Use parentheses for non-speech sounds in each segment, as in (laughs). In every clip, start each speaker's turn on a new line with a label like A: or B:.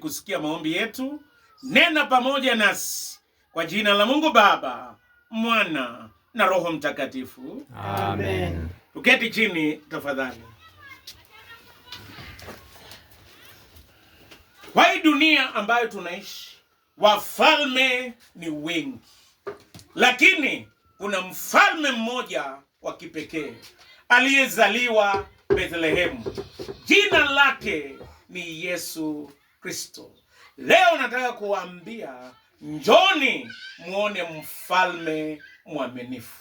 A: kusikia maombi yetu, nena pamoja nasi kwa jina la Mungu Baba, Mwana na Roho Mtakatifu,
B: amen.
A: Tuketi chini tafadhali. Kwa hii dunia ambayo tunaishi, wafalme ni wengi, lakini kuna mfalme mmoja wa kipekee aliyezaliwa Bethlehemu, jina lake ni Yesu Kristo. Leo nataka kuwaambia njoni muone mfalme mwaminifu.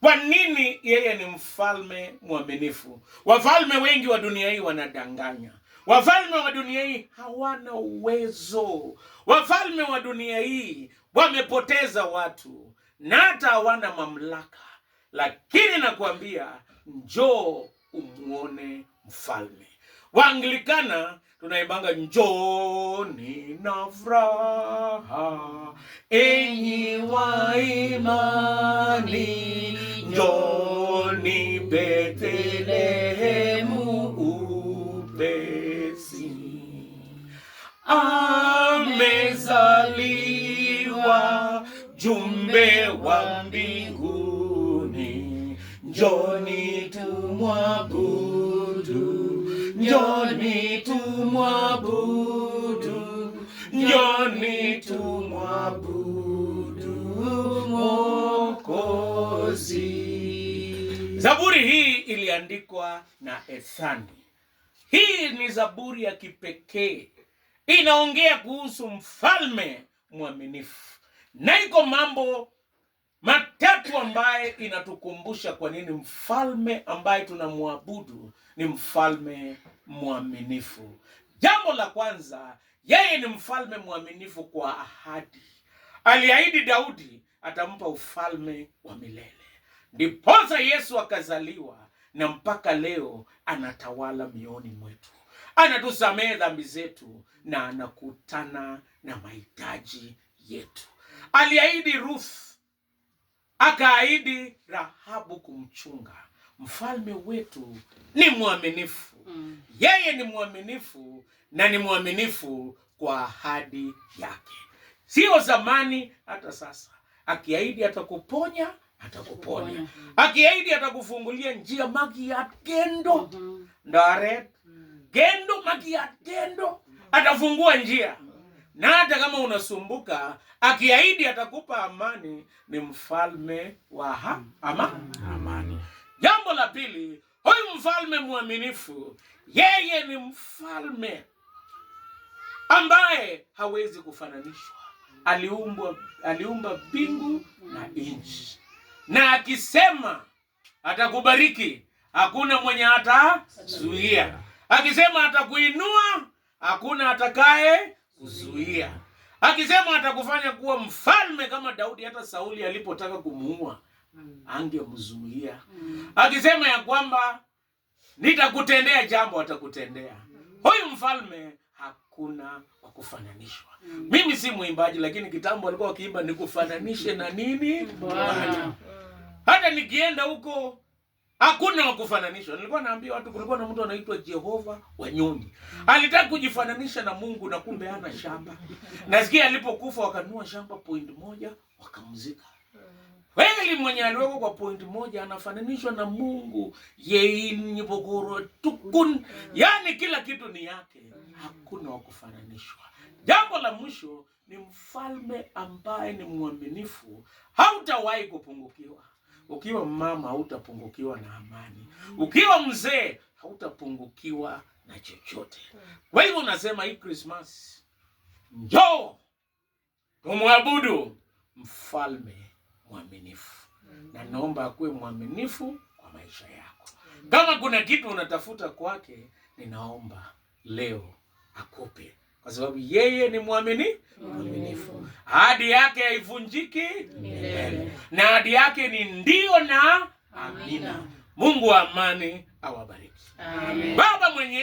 A: Kwa nini yeye ni mfalme mwaminifu? Wafalme wengi wa dunia hii wanadanganya. Wafalme wa dunia hii hawana uwezo. Wafalme wa dunia hii wamepoteza watu na hata hawana mamlaka, lakini nakwambia, njoo umuone mfalme. Waanglikana tunaibanga njoni na furaha, enyi wa imani, njoni Betlehemu upesi, amezaliwa jumbe wa mbinguni, njoni tumwabu Njoni tumwabudu, njoni tumwabudu Mwokozi. Zaburi hii iliandikwa na Ethani. Hii ni zaburi ya kipekee, inaongea kuhusu mfalme mwaminifu, na iko mambo matatu ambaye inatukumbusha kwa nini mfalme ambaye tunamwabudu ni mfalme mwaminifu. Jambo la kwanza, yeye ni mfalme mwaminifu kwa ahadi. Aliahidi Daudi atampa ufalme wa milele, ndiposa Yesu akazaliwa na mpaka leo anatawala mioni mwetu, anatusamehe dhambi zetu na anakutana na mahitaji yetu. Aliahidi Ruth, akaahidi Rahabu kumchunga mfalme wetu ni mwaminifu mm. Yeye ni mwaminifu na ni mwaminifu kwa ahadi yake, sio zamani, hata sasa. Akiahidi atakuponya atakuponya, akiahidi atakufungulia njia magi ya gendo mm-hmm. ndare mm-hmm. gendo magi ya gendo, atafungua njia na hata kama unasumbuka, akiahidi atakupa amani. Ni mfalme wa
B: amani.
A: Jambo la pili, huyu mfalme mwaminifu, yeye ni mfalme ambaye hawezi kufananishwa. Aliumbwa, aliumba mbingu na nchi, na akisema atakubariki, hakuna mwenye atazuia. Akisema atakuinua, hakuna atakaye kuzuia. Akisema atakufanya kuwa mfalme kama Daudi, hata Sauli alipotaka kumuua Mm. angemzuia mm. akisema ya kwamba nitakutendea jambo, atakutendea. mm. Huyu mfalme hakuna wa kufananishwa. mm. Mimi si mwimbaji, lakini kitambo alikuwa akiimba nikufananishe na nini Bwana. Hata nikienda huko hakuna wa kufananishwa. Nilikuwa naambia watu, kulikuwa na mtu anaitwa Jehova Wanyoni, mm. alitaka kujifananisha na Mungu na kumbe ana shamba. (laughs) Nasikia alipokufa wakanua shamba point moja wakamzika. Heli mwenye aliwekwa kwa point moja anafananishwa na Mungu yeinivogoro tukun, yaani kila kitu ni yake, hakuna wa kufananishwa. Jambo la mwisho ni mfalme ambaye ni mwaminifu, hautawahi kupungukiwa. Ukiwa mama hautapungukiwa na amani, ukiwa mzee hautapungukiwa na chochote. Kwa hivyo unasema hii Krismasi, njoo tumwabudu mfalme mwaminifu, mm-hmm. na naomba akuwe mwaminifu kwa maisha yako. Mm-hmm. Kama kuna kitu unatafuta kwake, ninaomba leo akupe, kwa sababu yeye ni mwamini
B: mm-hmm. mwaminifu,
A: ahadi yake haivunjiki
B: milele,
A: na ahadi yake ni ndio na
B: amina.
A: Mungu wa amani awabariki.
B: Amen. Baba mwenye